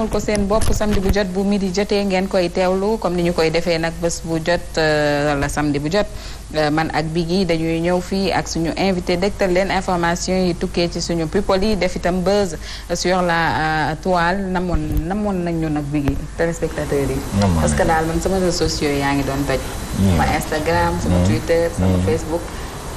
moomal ko seen bopp samedi bu jot bu midi jotee ngeen koy teewlu comme ni ñu koy defee nag bés bu jot wala euh, samedi bu jot euh, man ak Biggi dañuy ñëw fii ak suñu invité dégtal leen information yi tukkee ci suñu people yi def itam buzz sur la euh, toile namoon namoon nañ ñu nag Biggi téléspectateurs yi. parce que daal man sama réseaux sociaux yaa ngi doon toj. sama Instagram sama hmm. Twitter sama hmm. Facebook.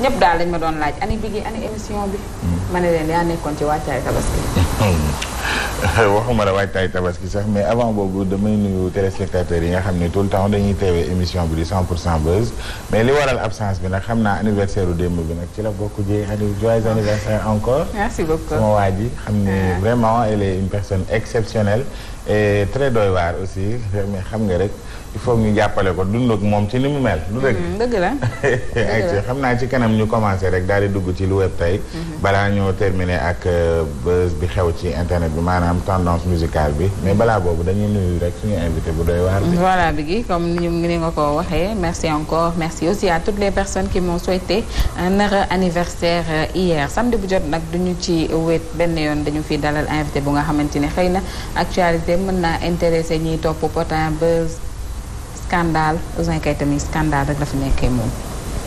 ñëpp daal dañ ma doon laaj ani bigi ani émission bi. Hmm. ma ne leen yaa nekkoon ci waajtaay tabaski. Hmm. waxuma la waajtaay tabaski sax mais avant boobu damay nuyu téléspectateurs yi nga xam ne tout le temps dañuy teewee émission bi di 100 pour 100 buzz mais li waral absence bi nag xam naa anniversaire u démb bi nag ci la bokk jee ani joyeux anniversaire encore. merci beaucoup sama waa ji xam ne ah. vraiment elle est une personne exceptionnelle et très aussi mais xam nga rek. il faut ñu jàppale ko dund ak moom ci ni mu mel. lu dëgg mm-hmm. dëgg la xam naa ci kanam ñu commencé rek daal di dugg ci lu web tey. Mm-hmm. balaa ñoo terminer ak euh, buzz bi xew ci internet bi maanaam tendance musicale bi mais balaa boobu dañuy nuyu rek suñu invité bu doy waar. voilà bi gi comme ni ni nga ko waxee merci encore merci aussi à toutes les personnes qui m'ont souhaité un heureux anniversaire euh, hier samedi bu jot nag duñu ci wéet benn yoon dañu fi dalal invité bu nga xamante ne xëy na actualité mën naa intéressé ñiy topp potin scandale Ouzin Keita tamit scandale rek la nekkee moom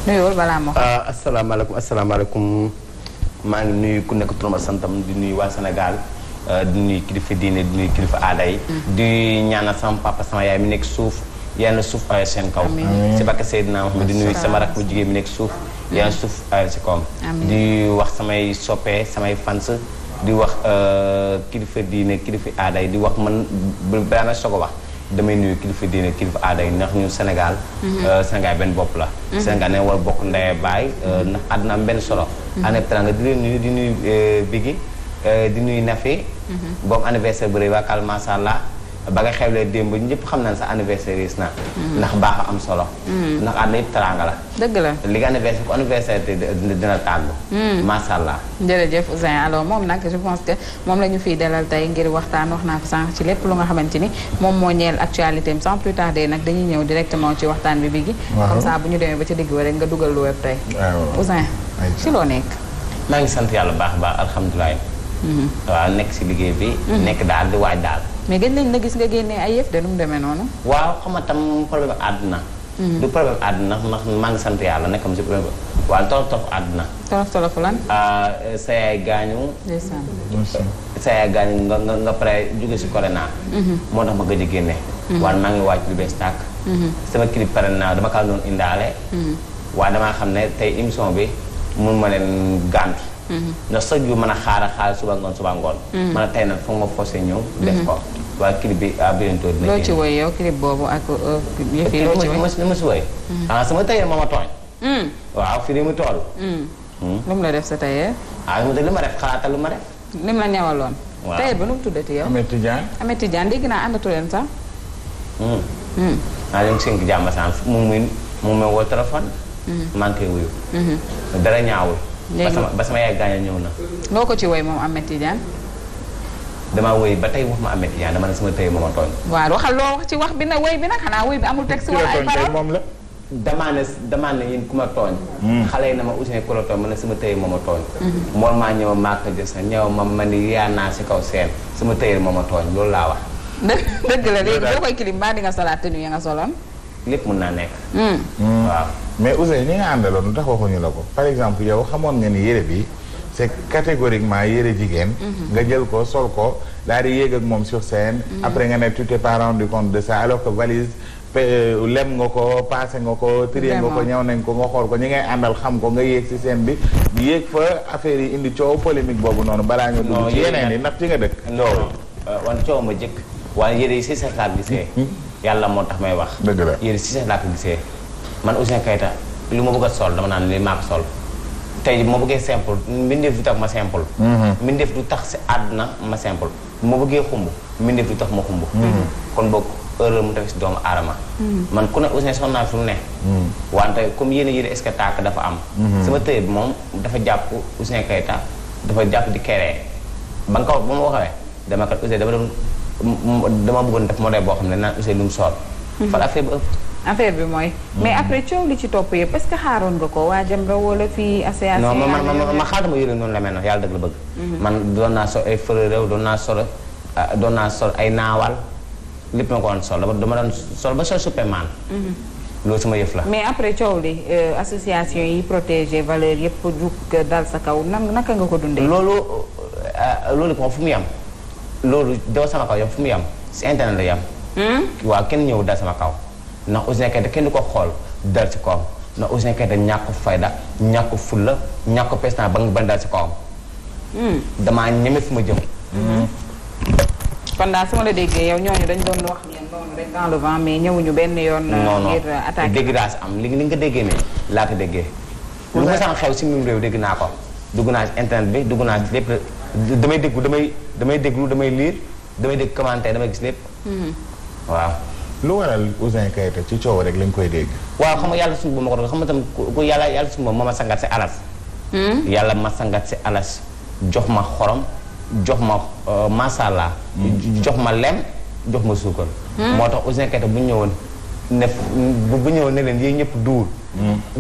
nuyoo balaa moo xam. Ah, asalaamaaleykum asalaamaaleykum maa ngi nuyu ku nekk turam santam di nuyu waa Sénégal ah, di nuyu kilifa diine di nuyu kilifa aaday. Mm. di ñaanal sama papa sama yaay mi nekk suuf. yàlla na suuf ay seen kaw. si bakka Seydina Muhammad di nuyu sama rakk mu jigéen mi nekk suuf. yàlla na suuf ay si kawam. di wax samay soppee samay fans. di wax ah, kilifa diine kilifa aaday di wax man balaa may soog a damay nuyu kilifa diine kilifa aada yi ndax ñu Sénégal. Mhm. Euh, Sénégal benn bopp la. Mhm. Sénégal ne war bokk ndey baay euh, mhm. ndax àddina am benn solo. année tànga di leen nuyu di nuyu euh, Biggi di nuyu Nafi. boobu anniversaire bu rëy waa Kal Masalla. ba nga xewlee démb ñëpp xam nañ sa anniversaire yi na mm. ndax baax am solo mm. ndax àdduna yëpp teraanga la dëgg la li nga anniversaire ku anniversaire dina tàggu mm. macha allah jërëjëf Ousseyn alors moom nag je que moom la ñu fiy dalal tey ngir waxtaan wax naa ko sànq ci lépp lu nga xamante ni moom moo ñeel actualité am sans nag dañuy ñëw directement ci waxtaan bi bi gi bu ñu demee ba ci digg wa rek nga dugal lu web tey Ousseyn ci loo maa ngi sant yàlla baax baax alhamdulilah mm-hmm. waaw nekk si liggéey bi mm-hmm. nekk daal di waaj daal mais gën nañ la gis nga génne ay yëf de nu mu demee noonu. waaw xam tam problème àdduna. Mm-hmm. du problème àdduna ndax maa ngi sant yàlla nekkam si problème waaw tolof tolof àdduna. tolof lan. Ah, sa yaay gaañu. ndeysaan. sa nga pare jóge si corona. Mm-hmm. moo tax ma gëj a génne. Mm-hmm. waaye maa ngi waaj lu bees tàkk. sama clip pare naa dama kaa doon indaale. waaye damaa xam ne tey émission bi mun ma leen gàntu. ndax sëñ bi mën a xaar a xaar suba ngoon suba ngoon. mën a tey nag foog nga forcé ñëw. def ko. waa clip bi à bientôt. loo ci woy yow clip boobu ak euh, loo ci woy li ma si woy mm. ah sama tailleur mm. mm. la def sa tailleur. ah li ma def xalaatal lu yow. Ameth Tidiane ah, mm-hmm. Ameth loo ci woy moom Ameth Tidiane. damaa woy ba tey wax ma amet yaa dama ne sama tey mooma tooñ waaw waxal loo wax ci wax bi na woy bi nag xanaa woy bi amul texte wala ay moom la damaa ne damaa ma tooñ hmm. xale yi na ma Ouzin ku la sama tey mooma tooñ hmm. mool maa ñëw maak jës na ñëw ma ma ni yaa naa si kaw seen sama moom mooma tooñ loolu laa wax dëgg la léegi boo koy kilim baa di nga solaat tenue ya nga soloon lépp mën naa nekk hmm. waaw mais Ouzin ñi nga àndaloon lu tax waxuñu la ko par exemple yow xamoon nga ni yére bi ce catégoriquement yére jigéen mhm. nga jël ko sol ko daal di yéeg moom sur scène mhm. après nga ne tu t'es pas rendu compte de ça alors que valise euh, lem nga ko paase nga ko trier nga ko ñëw nañ ko nga xool ko ñi ngay àndal xam ko nga yéeg ci scène bi yéeg fa affaire yi indi coow polémique boobu noonu balaa nga dugg ci yeneen yi nag ci nga dëkk non euh, wan coow ma jëkk waaye yére yi si sax laa ko gisee mhm. yàlla moo tax may wax dëgg la yére si sax laa ko gisee man Ouzin Keita lu ma bëgg sol dama naan li maa sol tey moo bëggee simple mbindeef du tax ma simple. Mhm. mbindeef du tax si àdduna ma simple ma bëggee xumb mbindeef du tax ma xumb. Mhm. kon boog heure mu tamit si doomu aadama. Mhm. man ku ne aussi sonn ne. wante comme yéen a yéen est-ce que tàkk dafa am. sama tëye bi moom dafa jàpp Ouzin Keita dafa jàpp di ba nga ko ba ma waxee dama kat dama doon dama bëggoon def modèle boo xam ne naan Ouzin lu mu sol. fa la affaire affaire bi mooy. Mm-hmm. mais après coow li ci topp yëpp est que xaaroon nga ko waa Jamra wala fii. association non man man man xaatuma yële la mel mm-hmm. man doon naa sol ay réew doon naa sol ah, doon naa sol ay naawal lépp ma dama doon sol ba sol Superman. Mm-hmm. loolu sama yëf la. mais après coow li euh, association yi protéger valeur yëpp jug dal sa kaw nan naka nga ko dundi loolu ah, loolu ko fu mu yam loolu daw sama kaw yam fu mu yam si internet la yam. Hmm? waaw kenn ñëw dal sama kaw. ndax Ouzin Keita kenn du ko xool dal ci kawam ndax Ouzin Keita ñàkk fayda ñàkk fulla ñàkk pestan ba nga ban dal ci kawam hmm. damaa ñeme fu ma jëm hmm. kon daa su ma la déggee yow ñooñu dañ doon wax le vent mais ñëwuñu benn yoon ngir attaqué dégg daa si am li li nga ko déggee nii laa ko déggee lu ma sax xew si mu réew dégg naa ko dugg naa ci internet bi dugg naa ci lépp damay déglu damay damay déglu damay liir damay dégg commentaire damay gis lépp hmm. waaw lu waral Ouzin Keita ci coow rek lañ koy dégg. waaw xam yàlla suñu boppam ma ko doon xam nga tam ku yàlla yàlla suñu boppam ma ma sangat si alas. Hmm? yàlla ma sangat si alas jox ma xorom jox ma euh, masala. Hmm. jox ma lem jox ma suukar. Hmm? moo tax Ouzin Keita bu ñëwoon ne bu ñëwoon ne leen yéen ñëpp duur.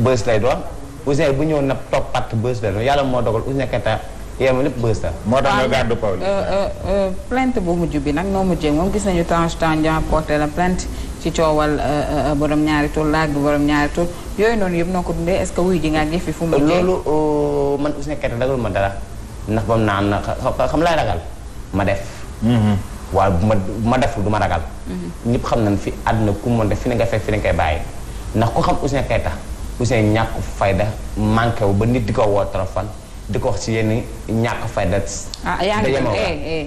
bës lay doon Ouzin bu ñëwoon na toog patt bës lay doon yàlla moo dogal Ouzin Keita. yéen lépp bës la. moo tax nga gàddu Pawlish. Euh, euh, euh, plainte bu mujj bi nag noo mujjee moom gis nañu Tange Tandian porté la plainte ci coowal boroom ñaari tur laa bi borom ñaari tur yooyu noonu yëpp noo ko dundee est-ce wuy ji nga ak yëf yi fu mu. loolu man ma dara ndax ba mu naan xam laay ragal ma def. Mhm. waaye bu ma ma deful du ma ragal. Mhm. ñëpp xam nañ fi àdduna ku mu mën def fi ne nga fekk fi ne ngay bàyyi ndax ku xam Ouzin Keita Ouzin ñàkk fayda manqué wu ba nit di ko woo téléphone. di ko wax ci yenn ñàkk fayda. ah eh, eh,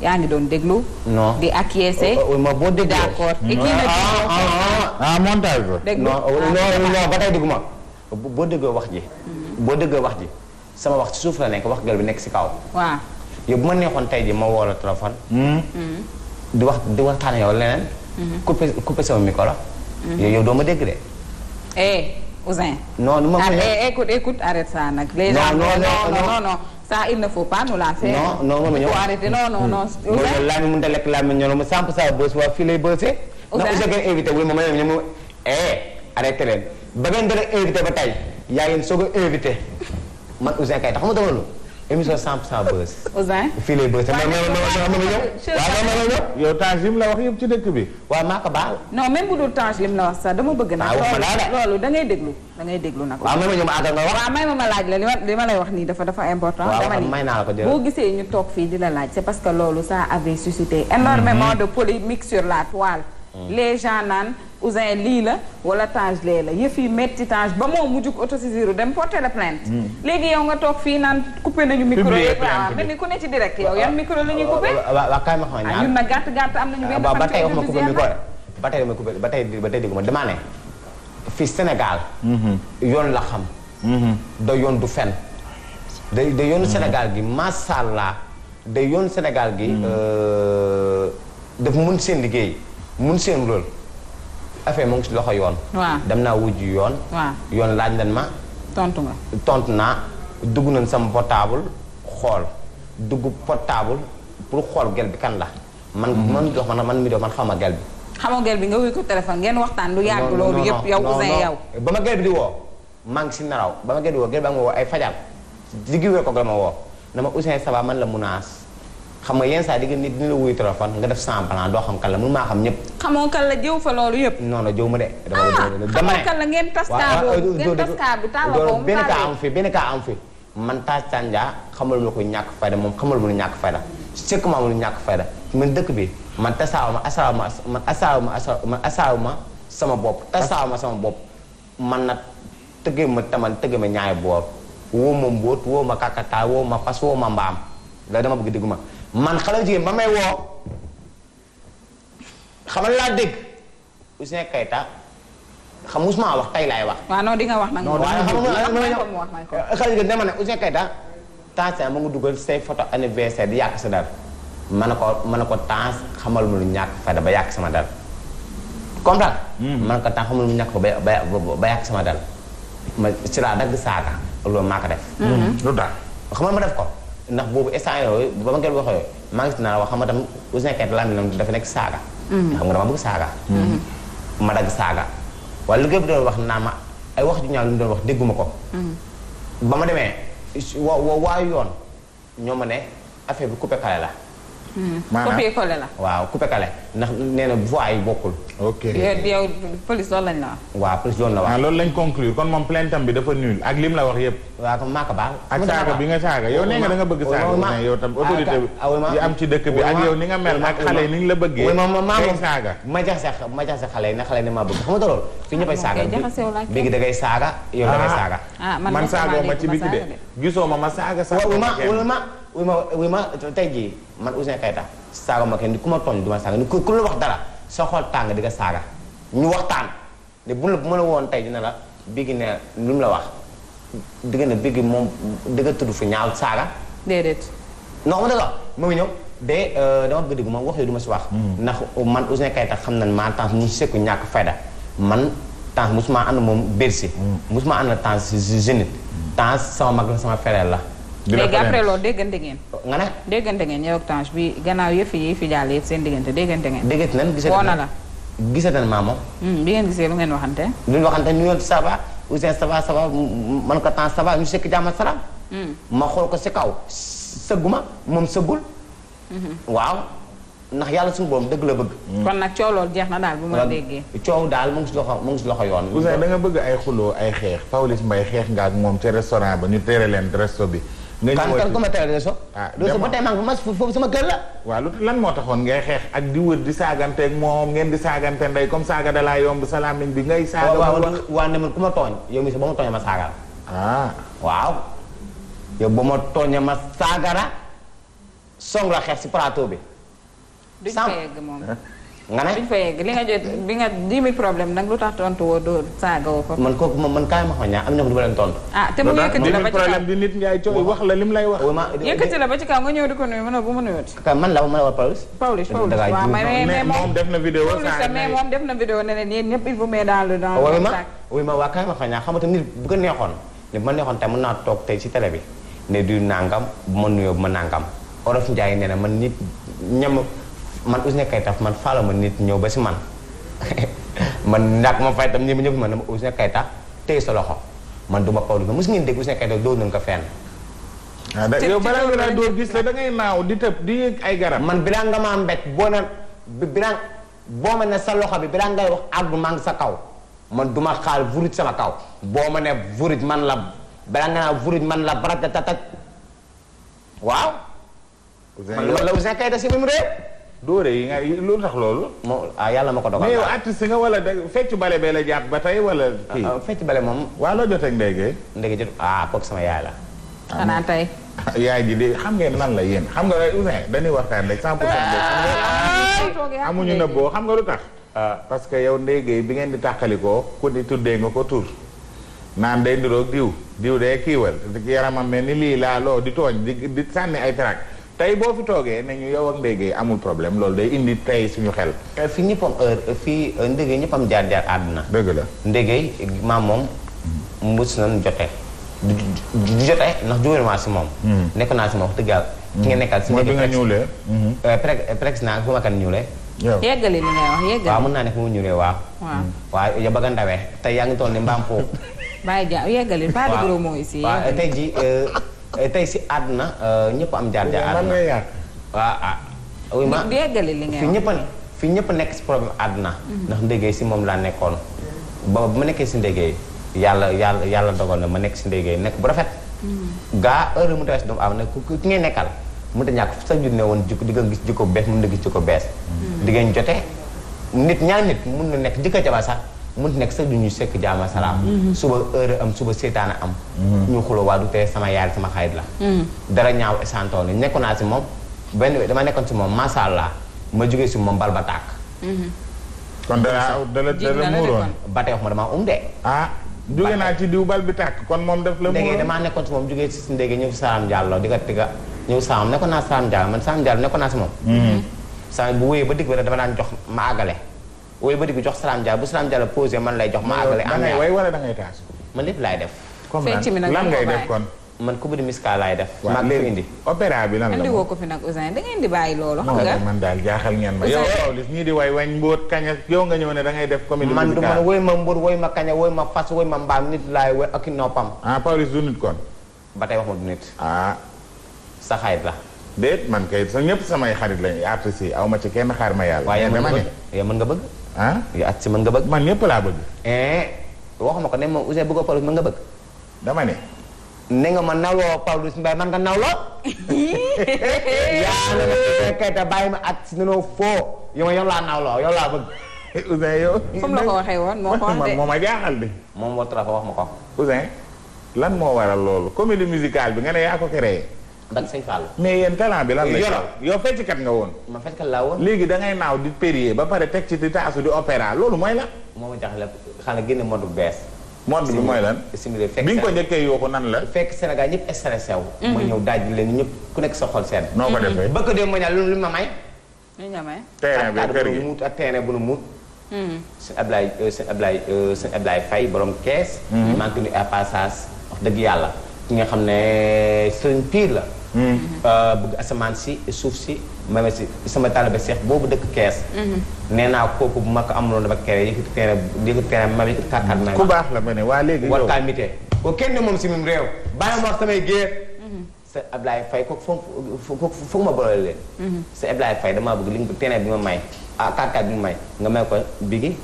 yaa ngi doon déglu. non di acquiescer. Oh, oh, oh, ma boo dégloo d'accord. Ah, ah, ah, ah montage ba. non boo déggoo wax ji. Mhm. boo déggoo wax ji sama wax ci suuf la nekk wax gal bi nekk ci kaw. waaw yow bu ma neexoon tey ji ma woo la téléphone. Hmm? Mhm. di wax di waxtaan yow leneen. coupé mhm. coupé sama micro la. yow yow doo ma dégg de. Eh. Ouzin. non non écoute écoute arrête ça nag. les gens non non non ça la faire. non non moom arrêter non mm. laa mi mënut a lekk laa mi ñoroon ma 100% bës waa fii lay bësee. Ouzin ndax Ouzin ngeen moom la ñu ne eh, arrêté leen ba ngeen doon invité ba tey yaa ngeen soog a invité man Ouzin kay tax ma dama émission 100% buzz. Ouzin fii lay buzz. waaw yow tâche lim la wax yëpp ci dëkk bi. waaw maa ko baal. non même bu dul tâche lim la wax sax dama bëgg. nag ah, loolu da ngay déglu da ngay déglu nag. waaw may ma ñoom àgg nga wax. waaw may ma ma laaj la li ma lay wax nii dafa dafa important. dama ni boo gisee ñu toog fii di la laaj c'est parce que loolu ça avait suscité énormément mhm. de polémique sur la toile. Mhm. les gens naan. Ousin lii la wala Tange lee la yëf yi metti Tange ba moom mu jug autosaisir dem porter la plainte hmm. léegi yow nga toog fii naan coupé nañu micro yeeg waaw ah, mel ni ku ne ci direct yow ah, am nañu benn waaw ah, ba tey wax ma coupé micro ba tey ba tey ba tey dégguma dama ne fii Sénégal mhm. yoon la xam mhm. da yoon du fen da da yoon Sénégal gi masha Allah da yoon Sénégal gi mhm. euh, daf mun seen liggéey mun seen lool affaire mu ngi si loxo yoon. waaw dem naa wujj yoon. waaw yoon laaj nañ ma. tontu nga tontu naa dugg nañ sama portable xool dugg portable pour xool gel bi kan la. man mhm. man dox man man mi dox man xaw ma gel bi. xamoo gel bi nga wuy ko téléphone ngeen waxtaan lu yàgg loolu yëpp yow Ouzin yow. ba ma gel bi di woo maa ngi si naraw ba ma gel bi woo gel ba ma woo ay fajal digguwee ko la ma woo na ma Ouzin ça man la munaas. xam nga yenn saa yi nit dina la wuyu téléphone nga def semblant doo xam kan la mun maa xam ñëpp. xamoo kan la jëw fa loolu yëpp. non non jëw ma de. dama ah, ne xamoo kan la ngeen tas kaabu ngeen tas kaabu tàlloo benn kaa am fi benn kaa ko ñàkk fayda moom xamal ma ñàkk fayda sëkk ma lu ñàkk fayda man dëkk bi man tasaaw ma asaaw ma man asaaw ma man asaaw ma sama bopp tasaaw ma sama bopp man nag tëggee ma taman tëggee ma ñaay boor ma mbóot ma kakataa ma fas ma mbaam la dama bëgg ma man xale jigéen ba may woo xamal laa dégg Ouzin Keita xam musuma wax tey laay wax. waaw non di nga wax nag. non waaye ne Ouzin Keita Tange mu ngi dugal say photo anniversaire ma ne ko ma ne ko Tange xamal ma lu ñàkk fayda ba yàq sama dara comprendre. Hmm. ma ne ko Tange xamal mu ñàkk fa ba yàq sama dara ma ci laa dagg saaga loolu maa ko def. Hmm. lu tax xamal ma def ko. ndax boobu instant yooyu ba ma ngeen waxee maa ngi la wax xam nga tam Ouzin Keita làmmiñam dafa nekk saaga. Mm-hmm. xam nga dama bëgg saaga. Mm-hmm. ma dagg saaga. wala liggéey bi doon wax naa ma ay wax ju ñaaw lu mu doon wax dégguma ko. Mm-hmm. ba ma demee wa waa yoon ñoo ma ne affaire bi coupé kale la. maanaam copier coller la. waaw coupé calé ndax nee na voix yi bokkul. yow police loolu lañ la wax. waaw police loolu la wax. ah loolu lañ conclure kon moom plainte am bi dafa nul ak lim la wax yëpp. waaw kon maa ko ak saaga bi nga saaga yow nee nga bëgg saaga. mais yow tam autorité bi ak yow la bëggee. ngay saaga ma jaxase ma jaxase na xale ni ma bëgg xam nga ah, da ngay yow da ngay ah, saaga. Ah, man saagoo ma ci biti de gisoo ma ma saaga saaga wuy ma wuy ma tey jii man Ouzin Keita saaga ma kenn ku ma tooñ du ma saaga ku ku la wax dara soo xool tàng di nga saaga ñu waxtaan ne bu ma la woon tey dina la bigi ne lu mu la wax di nga ne bigi moom di nga tudd fi ñaaw saaga. déedéet. non ma dëgg ma ngi ñëw de euh, dama bëgg dégg moom wax yooyu du ma si wax. Hmm. ndax man Ouzin Keita xam nañ maa temps ñu ñàkk fayda man temps mosuma ànd moom Bercy. mosuma hmm. ànd temps si jeunit hmm. temps sama mag la sama frère la. léegi après loolu déggante ngeen. nga ne. déggante ngeen yow ak Tange bi gannaaw yëf yi fi jàll yëpp seen diggante déggante ngeen. déggante na la. gisate na maa moom. bi ngeen gisee lu ngeen waxante. lu ñu waxante ñu yoon ça va Ouzin ça va ça va man hmm. ma xool ko si kaw sëgguma moom sëggul. Hmm. waaw ndax yàlla suñu borom dëgg la bëgg. Hmm. kon nag coow loolu jeex na daal bu ma déggee. coow daal mu ngi si loxo mu yoon. Ouzin da bëgg ay xuloo ay xeex Pawlish Mbaye xeex nga ak moom ca restaurant ba ñu tere leen resto bi nga ñëwoon kan kan teel réseau. ah réseau ba tey maa foofu sama kër la. waaw lu lan moo taxoon ngay xeex ak di wër di saaganteeg moom ngeen di saagante ndey comme saaga da laa yomb salaamin bi ngay. saaga waaw waaw waaw ku ma tooñ yow mi sa ba ma tooñee ma saaga ah. waaw. yow ba ma tooñee ma saaga song la xeex si plateau bi. duñ ko nga ne biñ fa yegg nag lu tax tontu woo doo man ko du ma leen tontu. ah te mu yëkkati wax la lim wax. yëkkati la ba ci kaw nga ñëw di ko nuyu ma ne bu ma nuyooti. man la ma la war Pawlish. Pawlish Pawlish waaw mais moom def na vidéo saa mais moom ne leen mais daal daal. waaw ma waa kaay ma xooñ xam nit bu ko neexoon ne bu ma neexoon tey mën naa toog tey ci télé bi ne du nangam bu ma nuyoo bu ma nangam olof Njaay nee na man nit ñam man Ouzin Keita man faala ma nit ñëw ba si man man ndax ma fay tam ñëpp ñëpp man dama Ouzin Keita téye sa loxo man duma Pawlish Mbaye mos ngeen dégg Ouzin Keita doo nañ ko fenn. Ah, yow balaa nga doo gis la da ngay naaw di tëb di ay garab. man bilaa nga maa mbett boo na boo ma ne sa loxo bi bilaa ngay wax àggu maa ngi sa kaw man duma xaal vurit sama kaw boo ma ne vurit man la balaa nga naa man la baratatatat waaw. man la Ouzin Keita mu réew. dóore yi nga loolu tax loolu. moom ah yàlla ma ko dogal. mais yow artiste nga wala fecc bale bee la jàpp ba tey wala. kii ah, fecc bale moom. waa loo jot ak ndege. ndege jot ah, xanaa tey. yaay ji xam ngeen lan la yéen xam nga Ouzin waxtaan rek 100 pour cent amuñu nëbboo xam nga lu tax. Ah. parce que yow ndege bi ngeen di tàqalikoo ku ni tuddee nga ko tur. naan day ndiroog diw diw dee kiiwal yaramam mel ni lii laa loo di tooñ di di sànni ay trac. tey boo fi toogee ne ñu yow ak ndéggee amul problème loolu day indi tey suñu xel. Euh, fi ñëpp am euh, fii euh, ndéggee ñëpp am jaar jaar àdduna. dëgg la ndéggee maam moom mës nañ jotee. du du jotee ndax jóge naa si moom. Hmm. nekk naa si moom wax dëgg yàlla. Hmm. ki nga nekkal si ndéggee mooy bi nga ñuulee. prex hmm. prex naa naa ne bu ma ñuulee waaw. ya bëgg a Eh, tey si àdduna euh, ñëpp am jaar jaar àdduna waaw ah ñëpp fi ñëpp nekk si problème àdduna mhm. ndax ndéggéey si moom laa nekkoon ba ma nekkee si ndéggéey yàlla yàlla yàlla dogal na ma nekk si ndéggéey nekk bu rafet mhm. gaa heure mu tawee doomu am na ku ki ngay nekkal mënut a ñàkk sa jur ne woon jikko di nga gis jikko bees mën na gis jikko bees mhm. di ngeen jote nit ñaar nit mën na nekk jëkka jabar sax mun nekk sax du ñu sekk jaama salaam. Mhm. suba heure am suba seetaan am. Mhm. ñu xuloo waa du tee sama yaay sama xarit la. Mhm. dara ñaaw santoon nekkoon naa si moom benn dama nekkoon si moom macha allah ma jógee si moom bal ba tàkk. kon dala ah, dala ma damaa um de. ah naa ci diw bal bi tàkk kon moom def damaa nekkoon si moom jógee si ndege ñëw si Salam Diallo di ko tiga ñëw Salam nekkoon naa Salam Diallo man Salam Diallo si moom. saa bu wéyee ba digg ba dama daan jox ma àggale. wooyu bëri bi jox Salam Diallo bu Salam Diallo man lay jox ma àggale am na way wala da ngay taas man lépp laay lan ngay def kon man ku bëri miska laay def maa ko indi bi lan la andi woo ko fi nag Ousin da ngeen man daal jaaxal ngeen ma yow Pawlish di way wañ mbóot kaña yow nga ñëw ne da ngay def comédie man du man ma mbóot wooy ma kaña wooy ma fas ma mbaam nit laay wooy ak noppam ah ba tey wax ma du nit ah la déet man kay so ñëpp samay xarit lañ apprécié aw ma ci kenn xaar ma yàlla waaye mën nga bëgg ah yu at si mën bëgg. man ñëpp laa bëgg. Eh, waxuma ko ne ma Ouzin mën nga bëgg. dama nga man nga nawloo. yaa ngi nekk kayita bàyyi ma at si nenoo foo yow yow laa nawloo yow laa bëgg. Eh, Ouzin yow. waxee woon moo ko wax de moo jaaxal de. moom moo tax wax ma ko. Ouzin lan moo waral loolu comédie musicale bi nga ne yaa ko créé. ndax sëñ mais yéen talent bi lan la. yoro yow fecckat nga woon. ma fecckat laa woon. léegi da ngay naaw di périer ba pare teg ci di taasu di opéra loolu mooy lan. moo ma la xanaa génne mode bu bees. mode bi mooy lan. simili fekk bi nga ko njëkkee yooku nan la. fekk Sénégal ñëpp stressé wu. ma ñëw daaj leen ñëpp ku nekk sa xol seen. noo ko defee bëgg dee ma ñaan lu ma may. lu ma may. terrain bi kër gi muut ak terrain bu nu muut. sëñ Ablaye sëñ Ablaye sëñ Ablaye Faye borom kees. maa ngi tudd à passage dëgg yàlla ki nga xam ne sëriñ piir la hmm. bëgg asamaan si suuf si mame si sama taalibe seex boobu dëkk kees hmm. nee naa kooku bu ma ko amuloon dafa kere yëkkati kere yëkkati kere mame yëkkati baax la ma ne waa léegi war kaa mité ko kenn moom si réew bàyyi ma wax samay hmm. ma boole leen li nga terrain bi ma may ah bi ma may nga may ko bigi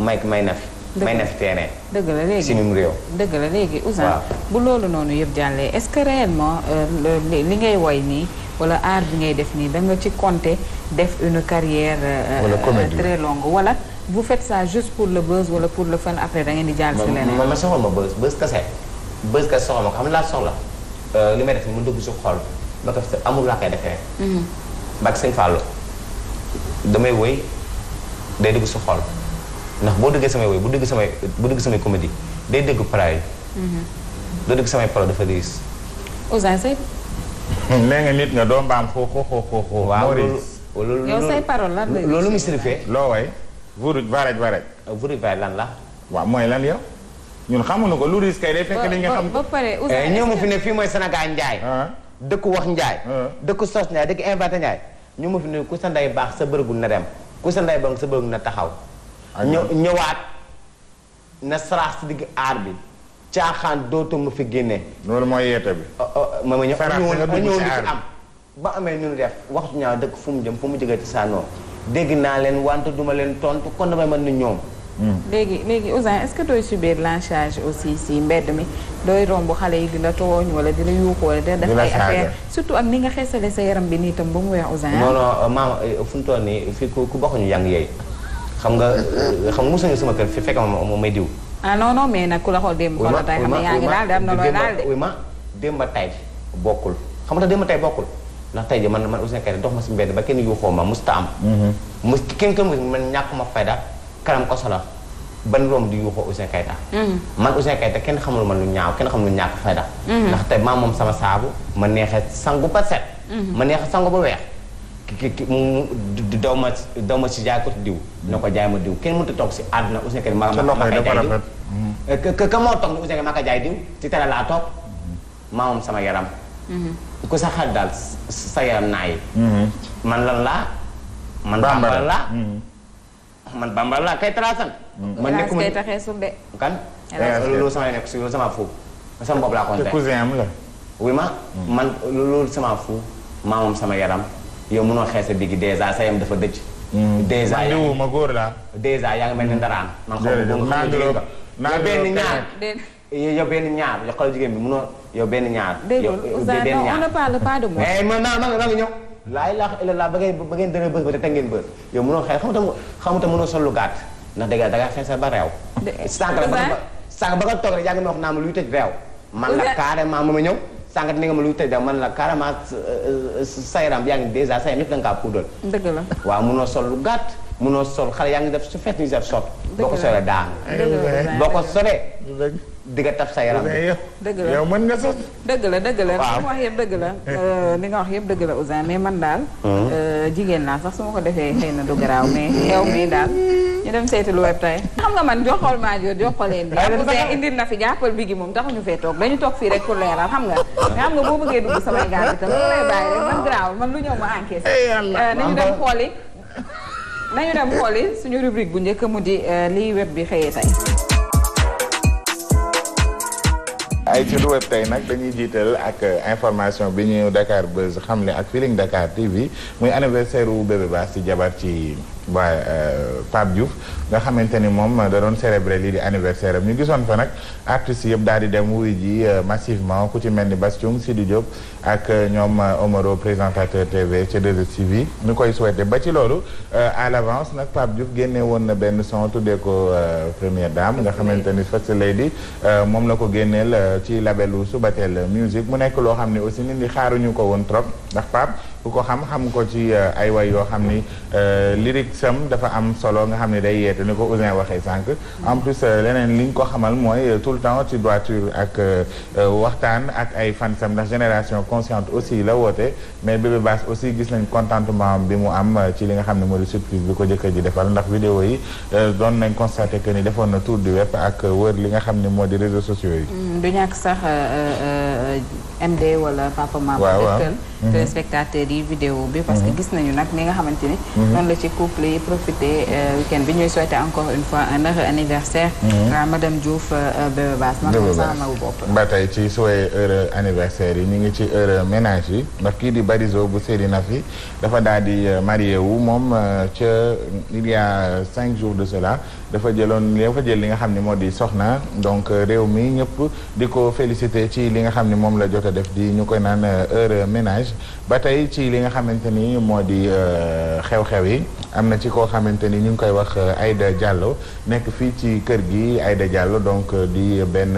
may ko may na fi may na fi terrain. dëgg la léegi si mu réew. dëgg la léegi Ouzin bu loolu noonu yëpp jàllee est-ce que réellement euh, li ngay woy nii wala aar bi ngay def nii da nga ci compter def une carrière. Euh, très longue wala bu fet sa juste pour le buzz wala pour le fan après da ngeen di jàll. si leneen man ma soxla ma buzz buzz kese buzz kese soxla ma ko xam laa soxla euh, li may def mu dugg si xol ma ko amul laa koy defee. Mhm. bak sëñ Fallou damay woy day dugg si xol. ndax boo déggee samay woy bu dégg samay bu dégg samay comédie day dégg pride mm-hmm. doo dégg samay parole dafa riis Ouzin say nee nga nit nga doo mbaam xoo xoo xoo xoo yow say parole la loolu muy sirifee loo way vuruj varaj varaj ah, vuruj varaj lan la waa mooy lan yow ñun xamuñu ko lu riis kay day fekk li nga xam ba pare eh, ñëw ma fi ne fii mooy Sénégal njaay ah. dëkk wax njaay ah. dëkk sos njaay dëkk inventé njaay ñu ma fi ne ku sa ndey baax sa bërëgul na dem ku sa ndey baax sa bërëgul na taxaw ñëwaat na saraax si digg aar bi caaxaan dootuma fi génne. loolu mooy yeete bi. Oh, oh, ma ma ñëw ñëw am. ba amee ñu def waxtu ñaaw dëkk fu mu jëm fu mu jógee ci sànnoo dégg naa leen wante duma leen tontu kon damay mën ni ñoom. Hmm. léegi léegi Ouzin est-ce que dooy subir lynchage aussi si mbedd mi dooy romb xale yi di la tooñ wala di la yuuxu wala di la def ni nga xeesale sa yaram bi nii itam ba mu weex Ouzin. non non maam fu mu toll nii fii ku ku bokkuñu yang yeey xam nga xam nga mosuñu sama kër fi fekk moom may diw. ah non non mais nag ku la xool démb. xoolal tey xam nga na ma démb tey bokkul xam nga démb tey bokkul ndax tey ji man man Ouzin Keita dox ma si mbedd ba kenn yuuxoo ma musta am. mus kenn kenn man ñàkk ma fayda kanam ko solo ban room di yuuxoo Ouzin Keita man Ouzin Keita kenn xamul ma lu ñaaw kenn xamul lu fay fayda. ndax tey maa moom sama saabu ma neexee sangu ba set. ma neexee sangu ba weex. ki ki mu daw ma daw ma si jaay ko diw. na ko jaay ma diw kenn a toog si àdduna Ouzin Keita maa mm-hmm. eh, maa koy jaay diw ka mm-hmm. mm-hmm. man laa. man kay taraasan. man de. kan loolu sama nekk si sama bopp laa kontaan cousin am la. oui ma mm. man loolu sama foofu maa sama yaram. yow mënoo xeesa diggi dèjà sa yam dafa dëcc. Hmm. dèjà yaa ngi ma góor laa. dèjà yaa mel ni ndaraan. man xamul nga yow benn ñaar. yow benn ñaar yow xool jigéen bi mënoo yow yow benn ñaar on ne parle pas de moi. Eh, man naa ma nga ñëw. laa ilaaha illallaah ba ngeen ba ngeen dërë bës ba te ngeen bës yow mënoo xees xamuta xamuta mënoo sol lu gàtt ndax dëgg da nga xeesa ba réew. sànq ba nga toog rek yaa ngi ma wax naa ma luy tëj réew. man la carrément mu ma ñëw sàngat eh, eh, ni nga ma lu tëj da man la carrément sa yaram yaa ngi dèjà sa yaram yëpp da nga kaa puudal. dëgg la waaw munoo sol lu gàtt munoo sol xale yaa ngi def su fekk ñu def sot. ko solee daanu. boo ko solee. di nga taf sa yaram mën nga sot. dëgg la dëgg la li nga wax yëpp dëgg la. ni nga wax yëpp dëgg la Ouzin mais man daal. jigéen laa sax su ma ko defee xëy na du garaaw mais xew mi daal. ñu dem seeti lu web eh, euh, tey njëkk mu di euh, lii web bi xëyee tey nag dañuy jiital ak euh, information bi ñu Dakar Buzz xamle ak Feeling Dakar TV muy anniversaire wu bébé ci jabar ci waaye euh, Pape Diouf nga xamante ni moom da doon célébrer lii di anniversaire am ñu gisoon fa nag artistes yëpp daal di dem wuy ji euh, massivement ku ci mel ni Bastium di Diop ak euh, ñoom Omaro présentateur TV ca si stv ñu koy souhaité ba ci loolu à l'avance nag Pape Diouf génne woon na benn son de ko première dame nga xamante ni First Lady moom la ko génneel ci labelu Subatel Music mu nekk loo xam ne aussi nit ñi xaaruñu ko woon trop ndax Pape ku ko xam xam ko ci ay way yoo xam ni lyrics sam dafa am solo nga xam ne day yeete ni ko Ousin waxee sànq en plus euh, leneen li ñu ko xamal mooy euh, tout le temps ci droiture ak euh, waxtaan ak ay fansam ndax génération consciente aussi la woote mais bébé baas aussi gis nañ contentement bi mu am ci li nga xam ne moo di surprise bi ko jëkkër ji defal ndax vidéo yi doon nañ constaté que ni defoon na tour du web ak wër li nga xam ne moo di réseaux sociaux yi mm, du ñàkk sax MD wala papa maam waaw Mhm. téléspectateurs yi vidéo bi parce que mhm. gis nañu nag ni nga xamante ni mhm. noonu la ci couple yi profité euh, week bi ñuy souhaité encore une fois un anniversaire à madame Diouf euh, euh, bébé Bass ma xam ba tey ci souhaité heureux anniversaire yi ñu ngi ci heureux ménage yi ndax kii di Barizo bu Seydina fi dafa daal di marié wu moom ca il y a cinq jours de cela dafa jëloon dafa jël li nga xam ne moo di soxna donc euh, réew mi ñëpp di ko félicité ci li nga xam ne moom la jot a def di ñu koy naan euh, heure ménage ba tey ci li nga xamante ni moo di euh, xew-xew yi am na ci koo xamante ni ñu ngi koy wax Aïda Diallo nekk fii ci kër gi ayda Diallo donc di benn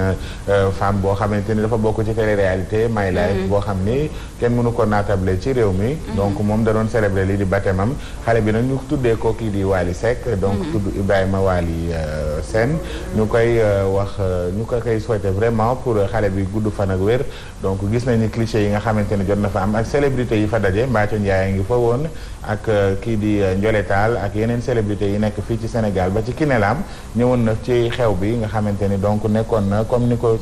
femme boo xamante ni dafa bokk ci télé réalité My Life mm-hmm. boo xam ni kenn mënu ko naatable ci réew mi mm-hmm. donc moom da doon célébrer li di baptême am xale bi nag ñu tuddee ko kii di waali Seck donc mm-hmm. tudd Ibrahima Wally Waly euh, Sène ñu koy euh, wax euh, ñu ko koy souhaiter vraiment pour xale bi gudd fan ak wér donc gis nañu cliché yi nga xamante ne jot na fa am ak célébrité yi fa daje Mbathio Ndiaye ngi fa woon ak kii di njoletaal ak yeneen célébrité yi nekk fii ci Sénégal ba ci Kiné Lam ñëwoon na ci xew bi nga xamante ni donc nekkoon na comme ni ko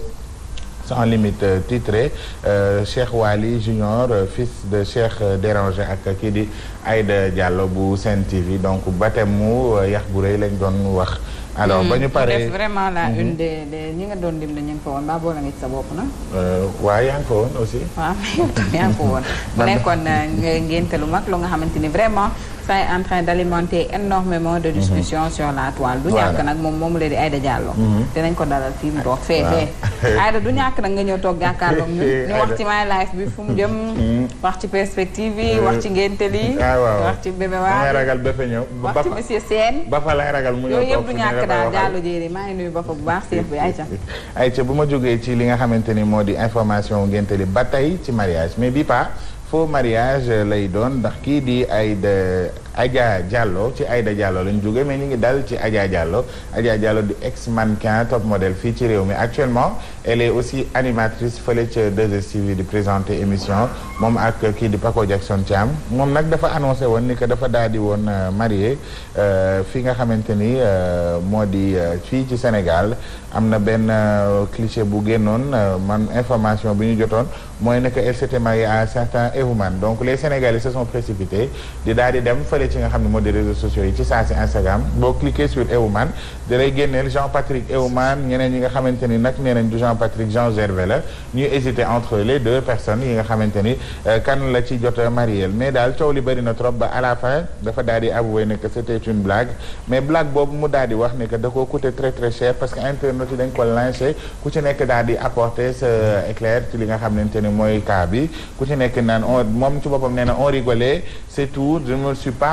sans limite euh, titré euh, Cheikh Wali Junior euh, fils de Cheikh Déranger ak kii di ayda Diallo bu Sen TV donc baptême mu yax bu rëy lañ doon wax. alors hmm, ba ñu paree def vraiment la mhm. une des ñi nga doon lim la fa woon mbaa boole nga ci sa bopp na. waaw yaa ngi fa woon aussi. waaw mu nekkoon ngénte mag lu nga xamante vraiment. est en train d'alimenter énormément de discussions mm -hmm. sur la toile du ñàkk nag moom moomu la di Aïda Diallo mhm. dinañ ko dalal fii mu toog fee fee du ñàkk nag nga ñëw toog jàkkaarloog ñu ñu wax ci my life bi fu mu jëm mhm. wax ci perspective yi wax ci ngénte li ah, wax ci bébé ragal bépp ñëw wax ba fa ragal mu ñëw maa ngi nuyu ba bu baax seef bi Aïcha Aïcha bu ma jógee ci li nga xamante ni moo di information ngénte li ba tey ci mariage mais bi pa faux mariage lay doon ndax kii di ay de Adja Diallo ci Aïda Diallo lañ jóge mais ñu ngi dal ci Adja Diallo Adja Diallo di ex mannequin top modèle fii ci réew mi actuellement elle est aussi animatrice fële ca 2STV di présenter émission moom ak kii di Paco ci am moom nag dafa annoncé woon ni que dafa daldi di woon euh, marié euh, fii nga xamante ni euh, moo di fii ci Sénégal am na benn cliché bu génnoon man information bi ñu jotoon mooy ne que elle s'était mariée à un certain Evoumane donc les Sénégalais se sont duggee ci nga xam ne moo di sociaux yi ci saa si Instagram boo cliquer sur Ewoman dalay génneel Jean Patrick Ewoman ñeneen ñi nga xamante ni nag nee du Jean Patrick Jean Gervais la ñuy hésiter entre les deux personnes yi nga xamante ni euh, kan la ci jot a mais daal coow li bëri trop ba à la fin dafa daal di avoué ne que c'était une blague mais blague boobu mu daal di wax ne da koo coûté très très cher parce que internet yi dañ ko lancé ku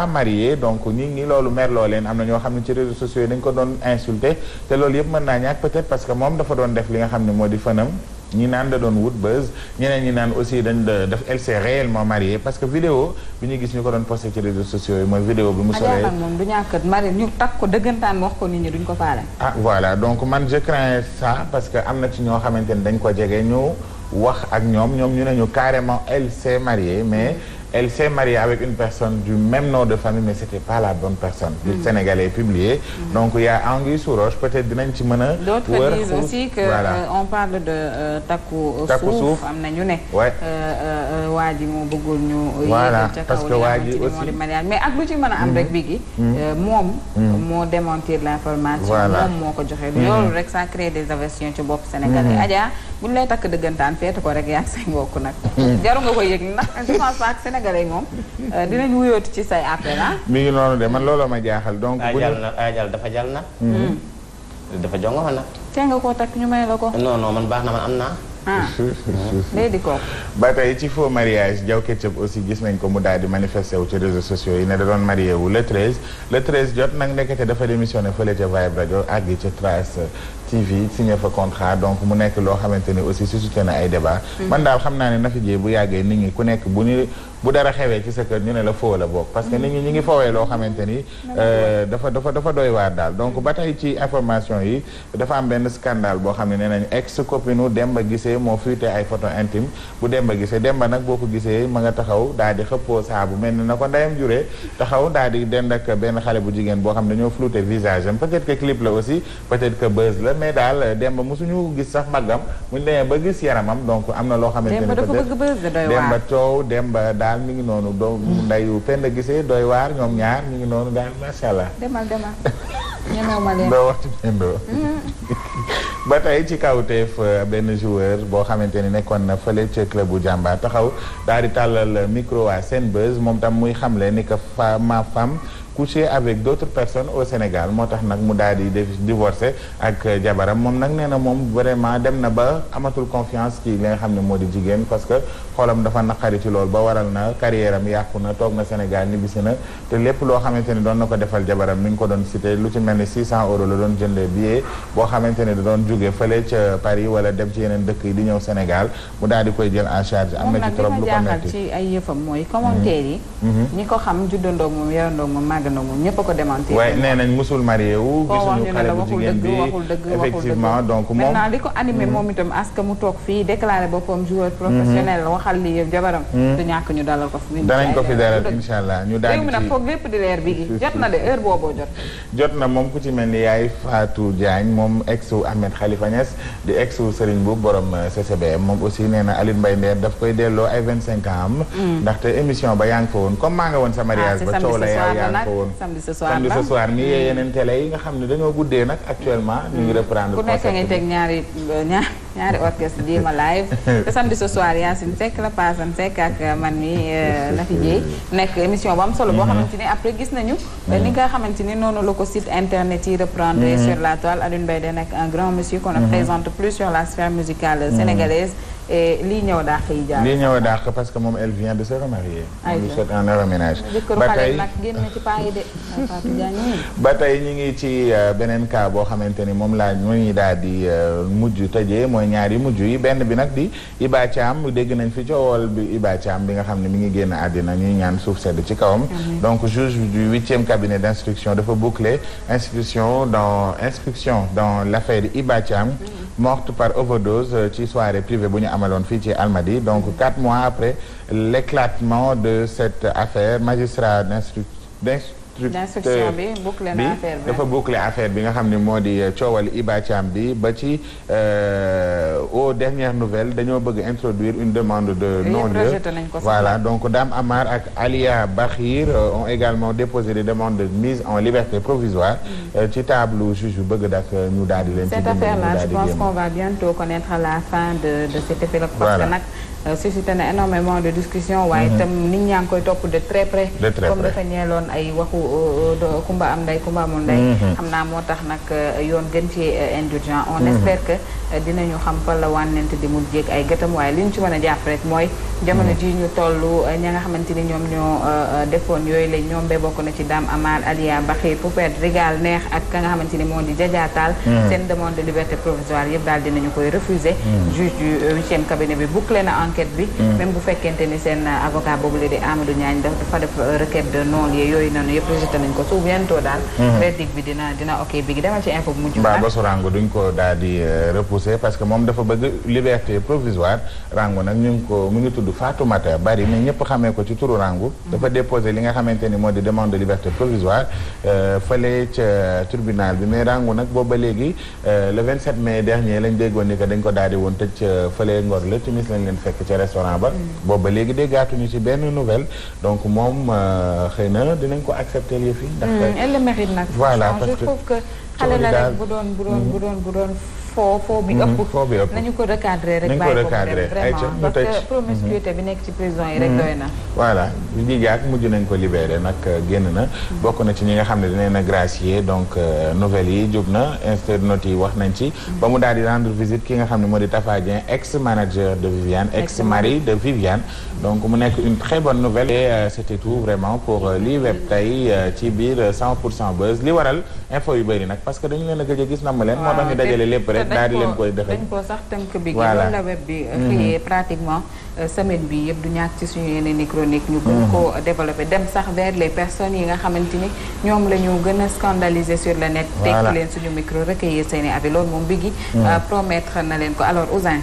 pas marié donc ñi ngi loolu merloo leen am na ñoo xam ne ci réseaux sociaux yi dañ ko doon insulté te loolu yëpp mën naa ñàkk peut-être parce que moom dafa doon def li nga xam ne moo di fanam ñi naan da doon wut buzz ñeneen ñi naan aussi dañ da def elle s'est réellement parce que vidéo bi ñu gis ñu ko doon posté ci réseaux sociaux yi mooy vidéo bi mu solee moom du ñàkk mari ñu takk ko dëggantaan wax ko nit ñi duñ ko faale ah voilà donc man je crains ça que am na ci ñoo xamante ne dañ ko jege ñu wax ak ñoom ñoom ñu ne ñu carrément elle s'est mariée mais elle s'est mariée avec une personne du même nom de famille mais c'était pas la bonne personne. le mm. Sénégalais publié. Mm. donc y a anguille sous roche peut-être dinañ ci mën a. wër d'autres disent aussi que euh, on parle de euh, suuf am na ñu ne. Euh, waa ji moo bëggul ñu. voilà parce que waa ji aussi mais ak lu ci mën a am rek mm-hmm. bii gi. Mm-hmm. moom. Mm-hmm. moo démentir l'information. voilà moom moo ko joxe. loolu rek sa crée des aversions ci bopp Sénégalais. Adja buñ lay takk dëggantaan feetu ko rek yaa say mbokk nag. jaru nga ko yëg ndax je pense pas sénégalais euh, wuyooti ci say appel ah. mi ngi noonu de man looloo ma jaaxal. donc ah, bu jàll na ay ah, dafa jàll na. Mhm. Hmm. dafa jongo ma nga koo takk ñu ko. non non man baax na man am naa. ah léegi hmm. ko. ba tey ci faux mariage Diaw gis nañ ko mu daal di manifesté wu ci réseaux sociaux yi ne da doon wu le 13 le 13 jot nag ndekete dafa démissionné fële ca Vibe Radio àgg ca Trace TV signé fa contrat donc mu nekk loo xamante ni aussi suscité na ay débat hmm. man daal xam naa ne na bu yàggee nit ñi ku nekk bu ñu. bu dara xewee ci sa kër ñu ne la foo la parce que nit ñi ñu ngi foowee loo xamante ni euh, dafa dafa dafa doy waar daal donc ba tey ci information yi dafa am benn scandale boo xam ne nee nañ ex copine Demba Gisee moo fuité ay photo boo ko gisee ma nga taxaw daal di xëppoo saabu mel ni na ko ndeyam juree taxaw daal di dend ak benn xale bu jigéen boo xam ne dañoo flouté visage am peut-être que clip la aussi peut-être que buzz la mais daal Demba mosuñu gis sax màggam mu demee ba gis yaramam donc am na loo xamante ni Demba coow daal mi ngi noonu doomu ndeyu Penda gisee dooy waar ñoom ñaar mi ngi noonu daal macha allah. demal doo waxtu pendoo mm-hmm. ba tey ci kaw kawteef euh, benn joueur boo xamante ni nekkoon na fële ca club bu jàmbaar taxaw daal di tàllal micro waa Senbuzz moom tam muy xamle ni que femme femme couché avec d'autres personnes au Sénégal moo tax nag mu daal di ak jabaram moom nag nee na moom vraiment dem na ba amatul confiance ci li nga xam ne moo di jigéen parce que xoolam dafa naqari ci loolu ba waral na carrière am na toog na Sénégal ñibbisi na te lépp loo xamante ni doon na ko defal jabaram mi ngi ko doon cité lu ci mel ni 600 euros la doon jëndee billet boo xamante ni da doon jóge fële ca Paris wala dem ci yeneen dëkk yi di ñëw Sénégal mu daal di koy jël en charge am na ci trop lu ko metti ci ay yëfam mooy mhm. commentaire yi mhm. ñi ko xam juddandoog moom yarandoog moom yàgg ko démenti. waaye nee nañ musul marié wu. gisuñu xale bu jigéen bi waxul dëgg effectivement donc moom. maintenant li ko animé mm-hmm. moom itam est-ce que mu toog fii déclaré boppam joueur mm-hmm. professionnel waxal li yëpp jabaram. Mm-hmm. du ñàkk ñu dalal ko fi. danañ ko fi dalal incha allah ñu daal di ci nag foog lépp di leer bi jot na de heure booboo jot. jot na moom ku ci mel ni yaay Fatou Diagne moom exu Ahmed xalifa Niass di exu Serigne Boub borom euh, CCBM moom aussi nee na Aline Mbaye Nder daf koy delloo ay 25 ans am. Mm. ndaxte émission ba yaa woon samedi ce soir samedi ce soir hmm. yeneen télé yi nga xam ne dañoo guddee nag actuellement ñu ngi reprendre ku nekk ngay teg ñaari euh, orchestre jéem a live te samedi ce soir Yacine Seck la Paasan Seck ak euh, man mi euh, Nafi Dieye nekk émission bu am solo boo mhm. xamante ni après gis nañu mhm. ni nga xamante ni noonu la ko site internet yi reprendre mhm. sur la toile Alioune Mbaye de nekk un grand monsieur qu'on ne présente plus sur la sphère musicale sénégalaise lii ñëw dàq lii ñëw dàq parce que moom elle vient de se remarier. aywa soit en reménage. ba ñu ngi ci euh, beneen ka boo xamante ni moom laa ñuy daal di euh, mujj tëjee mooy ñaari mujj yi benn bi nag di Iba Thiam dégg nañ fi coowal bi Iba Thiam bi nga xam ne mu ngi génn àddina ñuy ñaan suuf sedd ci kawam. donc juge du huitième cabinet d' instruction dafa boucler instruction dans instruction dans l' affaire Iba par overdose euh, ci soirée privée bu ñu amaloon fii ci Almadi donc quatre mois après l'éclatement de cette affaire magistrat d'instruction d'instruction bi boucler na affaire bi dafa bi nga xam ne moo di euh, coowal Iba Thiam bi ba ci euh, aux dernières nouvelles dañoo bëgg introduire une demande de non-lieu voilà donc Dame Amar ak Alia Bakhir euh, ont également déposé des demandes de mise en liberté provisoire mm. ci table juge bu bëgg dak ñu daal di leen cette affaire là je pense qu'on va bientôt connaître la fin de de cet épilogue parce que nag Euh, suscité na énormément de discussion waaye mhm. tam nit ñaa ngi koy topp de très près comme dafa ñeeloon ay waxu euh, kumba am nday kumba amul nday mhm. xam naa moo tax nag euh, yoon gën ci indulgent on mhm. espère que dinañu xam fa la wànnent di mu jéeg ay gëtam waaye li ñu ci mën a jàpp rek mooy jamono ji ñu toll ña nga xamante ni ñoom ñoo defoon yooyu lañ ñoom ba bokk na ci Dame Amar Alia Baxi Poupet Rigal neex ak ka nga xamante ni moo di jajaataal seen demande de liberté yëpp daal dinañu koy refuser juge du huitième cabinet bi enquête bi mm. même bu fekkente ni seen euh, avocat boobu la di Amadou Niagne daf dafa def euh, requête de non yooyu noonu yëpp rejeté nañ ko mm-hmm. su di euh, repousser parce que moom dafa bëgg liberté provisoire Rango nag ñu ngi ko mu ngi tudd faatu Fatoumata Bari mais ñëpp xamee ko ci turu Rango mm-hmm. dafa déposé li nga xamante ni moo di demande de liberté provisoire fële ca tribunal bi mais Rango nag booba léegi le 27 mai dernier lañ déggoon ni que dañ ko daal di woon tëj fële Ngor la timis fekk ca restaurant ba boobu ba léegi déggaatuñu ci benn nouvelle donc moom euh, xëy na dinañ ko accepter yëf yi ndax hmm, elle le mérite nag voilà parce que xale la doon bu doon bu doon bu hmm. doon foo foo bi ëpp nañu ko recadrer rek bàyyi ko vraiment parce ci prison yi rek doy mujj nañ ko libéré nag génn na bokk na ci ñi nga xam ne dinañ na gracier donc nouvelles yi jub na internautes yi wax nañ ci ba mu daal di rendre visite ki nga xam ne moo di Tafa ex manager de Viviane ex mari de Viviane donc mu nekk une très bonne nouvelle et c'était tout vraiment pour lii web tey ci biir 100 pour cent buzz li waral info yu bëri nag parce que dañu leen gëj a gis dajale lépp rek daal di leen koy defee dañ koo sax tënk bi. voilà la web bi mhm. xëyee pratiquement euh, semaine bi yëpp du ñàkk ci suñu yeneen i chronique ñu gën mhm. koo développé dem sax vers les personnes yi nga xamante ni ñoom la ñu gën a scandaliser sur le net. voilà leen suñu micro recueillir seeni i avis moom bi gi mhm. euh, promettre na leen ko alors Ousin.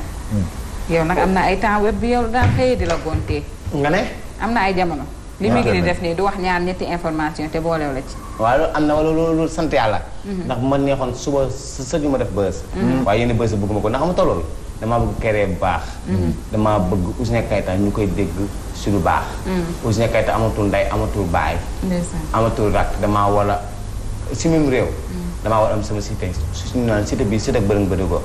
yow nag am na ay temps web bi yow daal xëyee di la gontee nga am na ay jamono. li mu ngi di def nii du wax ñaar ñetti information te boolew la ci waaw loolu am na wala loolu sant yàlla mhm. ndax bu ma neexoon suba sëñu ma def bës mhm. waaye yéen bës bëgguma ko ndax ama tolool damaa bëgg keree baax mhm. damaa bëgg Ouzin Keita ñu koy dégg si lu baax Ouzin Keita amatul ndey amatul baay amatul rakk damaa wala si même réew damaa war am sama cité suñu naan cité bi cité bërëng bëri ko.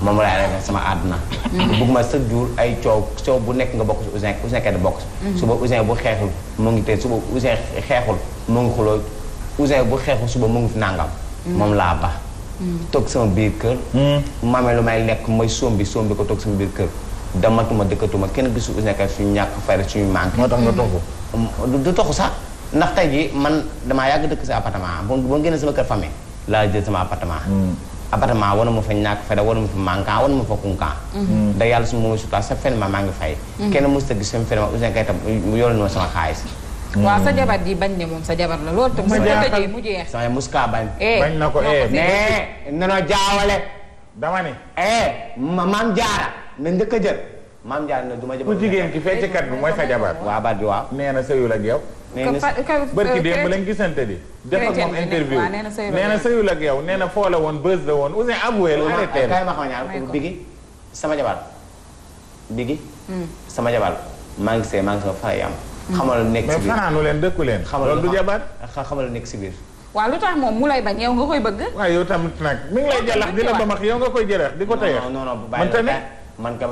moom laa rafet sama àdduna. bëgg ma chaque jour ay coow coow bu nekk nga bokk ci Ouzin Ouzin Keita bokk ci. Mhm. suba Ouzin bu xeexul mu ngi tey suba Ouzin xeexul mu ngi xuloo bu xeexul suba mu ngi fi mhm. moom laa ba. Mhm. toog sama kër. mame lu may lekk mooy sombi sombi ko toog sama biir kër. damatuma dëkkatuma kenn gisu Ouzin Keita suñu ñàkk fayda suñu manqué. moo tax nga toxu. Mm. du toxu sax ndax tey jii man damaa yàgg dëkk sa appartement ba ba génne sama kër famille laa jël sama appartement wan wana ma fa ñàkk fayda wana ma fa manquant wana ma fa kunkan mm-hmm. da yàlla su ma mooy sutura chaque fois maa ngi fay mm-hmm. kenn mos ta sama fenn Ouzin Keita yoolu sa jabar di bañ ne moom sa jabar la loolu tam mu tëjee mu jeex sama muskaa bañ eh, bañ na eh, jaawale dama ne eh, maam jaara na njëkk a jël maam jaara na du jabar ku jigéen ki fecckat bi mooy sa jabar waa baat bi waaw nee na sëyul ak nee na barki dee ba lañ gisante di. def ak moom interview nee na sëyul ak yow nee na foo woon bës la woon Ouzin avoué la arrêté kaay ma xaw ñaar bigi sama jabar bigi hmm. sama ngi see maa ngi sama fay am hmm. xamal nekk si biir mais fanaanu leen dëkku leen loolu du jabar xamal nekk si biir waaw lu tax moom mu lay bañ yow nga koy bëgg. waaw yow tamit nag mi lay jalax di la ba nga koy jëreex di ko tëyeex. man tamit man ka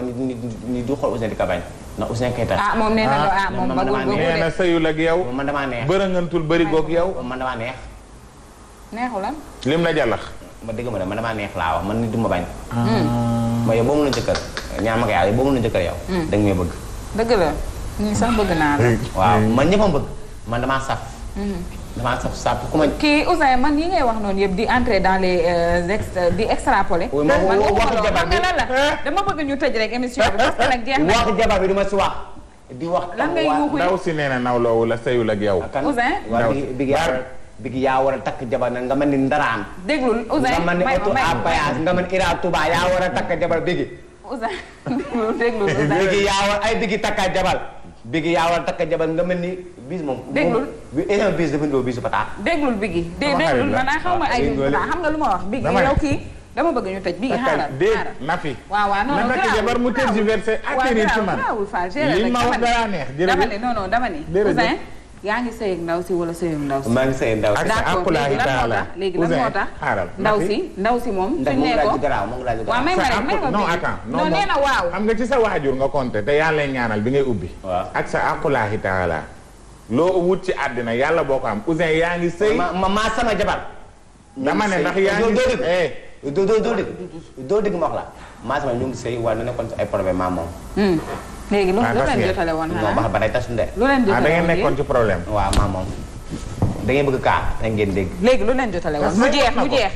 ni du xool Ouzin di ka bañ. ndax Ouzin Keita. ah moom nee na ah moom bëggul bëggul nee na sëyul ak yow. man damaa neex bërëngantul bëri goog yow. man damaa neex. neexu lim la jàllax. ma dégg ma de man damaa neex laa wax man nit du ma bañ. ma yow boo mënul jëkkër ñaar ma ko yàlla boo mënul jëkkër yow. da nga may bëgg. dëgg la ñun sax bëgg naa la. waaw man ñëpp a bëgg man damaa saf. Mm. damaa saf sàpp ku ma. kii Ouzin man yi ngay wax noonu yëpp di entrer dans les euh, ex euh, di extrapoler. man waxu jabar bi lan la dama bëgg ñu tëj rek émission bi parce que bi du ma si wax. di wax lan ngay yuuxu ndaw si nee na nawloowu la sëyul ak yow. Ouzin waaw yaa war a takk jabar nga mën ni ndaraan. déglul Ouzin nga ni oto à péage nga mën Ira Touba yaa war a takk jabar bigi. Ouzin déglul yaa war ay bigi takka jabar bigi yaa war a takk jabar nga mën ni déglul bi déglul bigi naa xaw ma ay bisu pataar xam nga lu ma wax. bigi yow kii dama bëgg ñu tëj bigi xaaral xaaral. na fi waaw waaw non non garaawul jabar mu tergiversé atterrir ci man li ma wax dara neex. dama ne non non dama ne. Ouzin yaa ngi sëy ndaw si wala sëyu ndaw si. maa ngi sëy ndaw si d'accord léegi lan moo tax léegi lan moo tax ndaw si ndaw si moom. suñ nee ko waaw may ma rek may ma non attends non nee waaw. xam nga ci sa waajur nga compté te yàlla ñaanal bi ngay ubbi. ak sa akulaahi taala loo wut ci àddina yàlla boo ko am Ouzin yaa ngi sëy ma ma sama jabar ma ne ndax yaa ngi eh, doo doo doo dégg doo dégg ma wax la maa sama ñu ngi sëy waaye ñu nekkoon ci ay problème maa moom hmm. léegi lu ah, leen jotale woon non ba ba day tas nde lu leen ah, jotale woon da ngeen nekkoon ci problème maa moom da ngeen bëgg kaa da ngeen dégg léegi lu leen jotale woon mu jeex mu jeex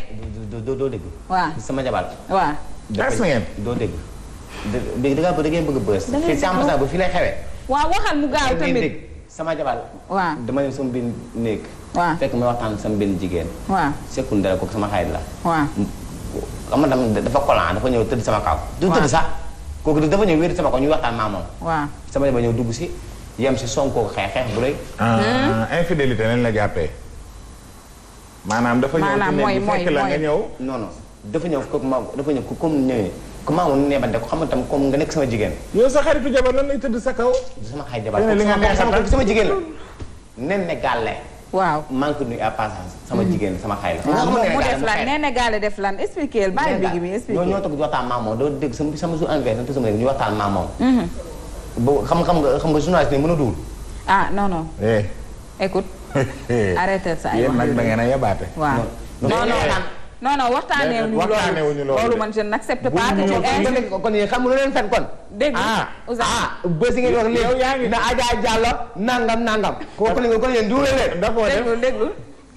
doo doo dégg waaw sama jabar waaw tas ngeen doo dégg ngeen bëgg bës fii si ambassade bu fii lay xewee waaw waxal mu gaaw tamit sama jabar. waaw dama dem sama benn néeg. waaw fekk may waxtaan sama benn jigéen. waaw sekkul dara kooku sama xarit la. waaw xam nga dafa kolan dafa ñëw tëdd sama kaw. du tëdd sax kooku dafa ñëw wéeru sama kaw ñu waxtaan maa moom. sama jabar ñëw dugg si yem si sonko kooku xeex xeex bu rëy. Ah, infidélité lañ la jàppee. maanaam dafa ñëw. maanaam mooy mooy fekk la nga dafa ñëw kooku dafa ñëw comment mun nebante ko xamantam comme nga nekk sama jigéen yow sa xaritu jabar lan lay tëdd sa kaw sama xarit jabar sama jigéen la waaw maa ngi ko nuyu à sama mm-hmm. jigéen sama xay la mu def la nee na gaale def lan expliquer bàyyi bigi bi expliquer ñoo toog di waxtaan maamoom doo dégg sama sama jour anniversaire na sama dégg ñu waxtaan mm-hmm. xam xam nga xam nga journaliste mën a dul ah non non eh. écoute eh. arrêté sa ay yéen nag ngeen a yabaate waaw non non waxtaanee wuñu loolu waxtaanee wuñu loolu loolu man je n'accepte pas que tu kon yéen xam nga lu leen fen kon. dégg nga ah, ah bés ngeen wax léegi na Adja Diallo nangam nangam. kooku kon yéen duule leen. déglu déglu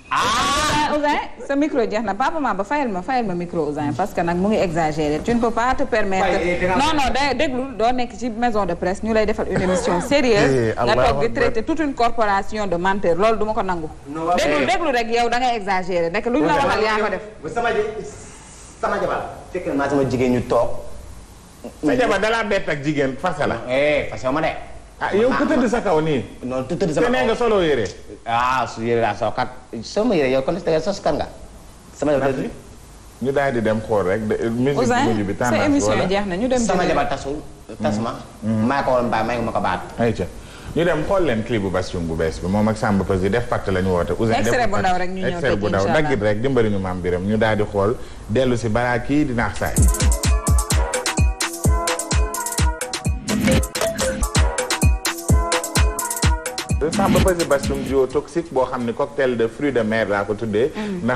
ah Ousin sa micro jeex na papa ma ba fayal ma fayal ma micro Ousin parce que nag mu ngi exagéré tu ne peux pas permettre. Eh, non non day déglu doo nekk ci maison de presse ñu lay defal une émission eh, sérieuse eh, nga toog di traiter toute une corporation de menteur loolu duma ko nangu. déglu déglu rek yow da ngay exagéré nekk lu ñu la waxal yaa ko def. sama sama jabar jigéen ñu toog. sa jabar dalaa bett ak jigéen fase la. fase ma de. Ah, yow ku tëdd sa kaw nii. non ku tëdd sa kaw nga solo yére. ah su yére laa soo kat soo ma yére yow kon sos kan sama jabar ñu daal di dem xool rek. Euh, musique mujj bi tànn sa émission jeex na ñu dem sama jabar tasul tasuma. Mm-hmm. maa ko woon baa maa ngi ma ko baat. ayca dem xool leen clip bu bas Thioung bu bees bi moom ak Samba Peuzzi def pàtt la ñu woote. Ousseyn def bu ndaw rek bu ndaw daggit rek dimbali ñu maam biram ñu daal di xool dellu si balaa kii di naax saay. Sambapazibacum duo toxique boo xam ne cocktail de fruits de mer laa ko tuddee. Mm.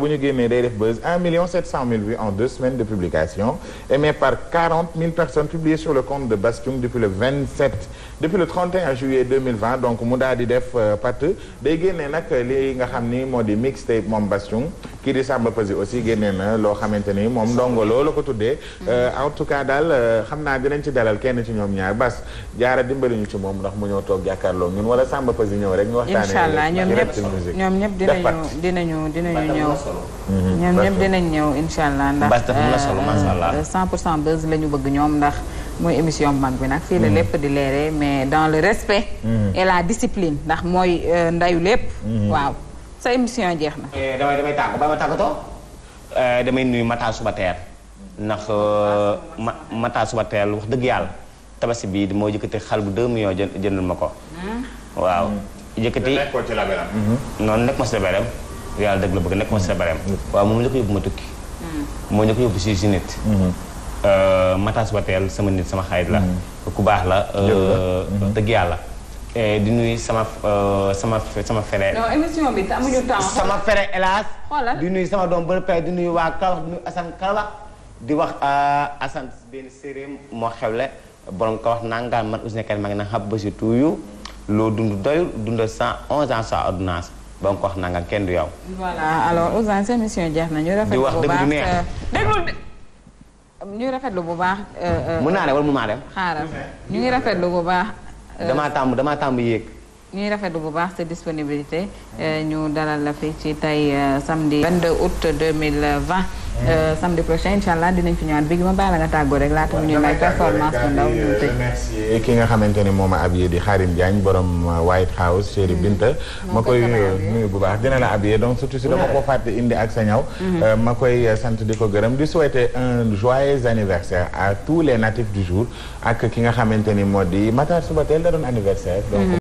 bu ñu day def buzz 1 million 700 000 vues en deux semaines de publication aimé par 40 000 depuis le 31 juillet 2020 donc mu daal di def euh, patt day génnee nag li nga xam ni moo di mixtape moom Bastion kii di Samba Peuzzi aussi na loo xamante ni moom ndongo loolu ko tuddee mm. euh, en tout cas daal euh, xam naa dinañ ci dalal kenn ci ñoom ñaar bas jaara dimbali ñu ci moom ndax mu ñëw toog jàkkaarloo ñun wala Samba Peuzzi ñëw rek ñu waxtaanee incha allah ñoom ñëpp ñoom ñëp dinañu dinañu dinañu ñëw mm-hmm. ñoom ñëpp dinañ ñëw incha allah ndax 100 pour cent buzz la ñu bëgg ñoom mooy émission bu mag bi nag fii la mm. lépp di leere mais dans le respect mm. et la discipline ndax mooy euh, ndayu lépp mm. waaw sa émission jeex na eh, damay damay ba ma tàggatoo eh, damay nuyu Mata suba teer ndax euh, ma Mata suba teer wax dëgg yàlla tabaski bii moo jëkkati xal ko waaw jëkkati noonu nekk si la yàlla dëgg la bëgg nekk si la waaw moom njëkk yóbbu ma tukki moo njëkk yóbbu si si nit Euh, Matas Wateel sama nit sama xarit la. Mm. ku baax la. dëgg euh, mm-hmm. yàlla. di nuyu sama euh, sama sama frère. non sama frère hélas. di nuyu sama doom ba pare di nuyu waa Kaolack di nuyu Assane Kaolack di wax Assane benn séeréer moo xewle borom wax nangaan man Ouzin Keita maa ngi naan xam ba tuuyu loo dund doyul dundal cent onze ans sans ordonnance. ba ko wax nangaan kenn du yow. di wax dëgg du neex. ñuy rafetlu bu baax. Euh, euh, mën naa dem wala mën naa dem. xaaral ñu ngi rafetlu bu baax. Euh, damaa tàmb damaa tàmb yéeg. ñuy rafetlu bu baax sa disponibilité euh, ñu dalal la fi ci tey euh, samedi 22 août 2020 euh, samedi prochain incha allah dinañ fi ñëwaat bi gi ma bàyyi la nga tàggoo rek laata mu ñu may performance ndaw ñu tëj ki nga xamante ne moom a abiyé di Xarim Diagne borom White House chéri mm-hmm. Binta ma koy nuyu bu baax dina la abiyé donc surtout si dama ko fàtte indi ak sa ñaw mm-hmm. ma koy sant di ko gërëm di souhaiter un joyeux anniversaire à tous les natifs du jour ak ki nga xamante ni moo di Matar Subatel da doon anniversaire donc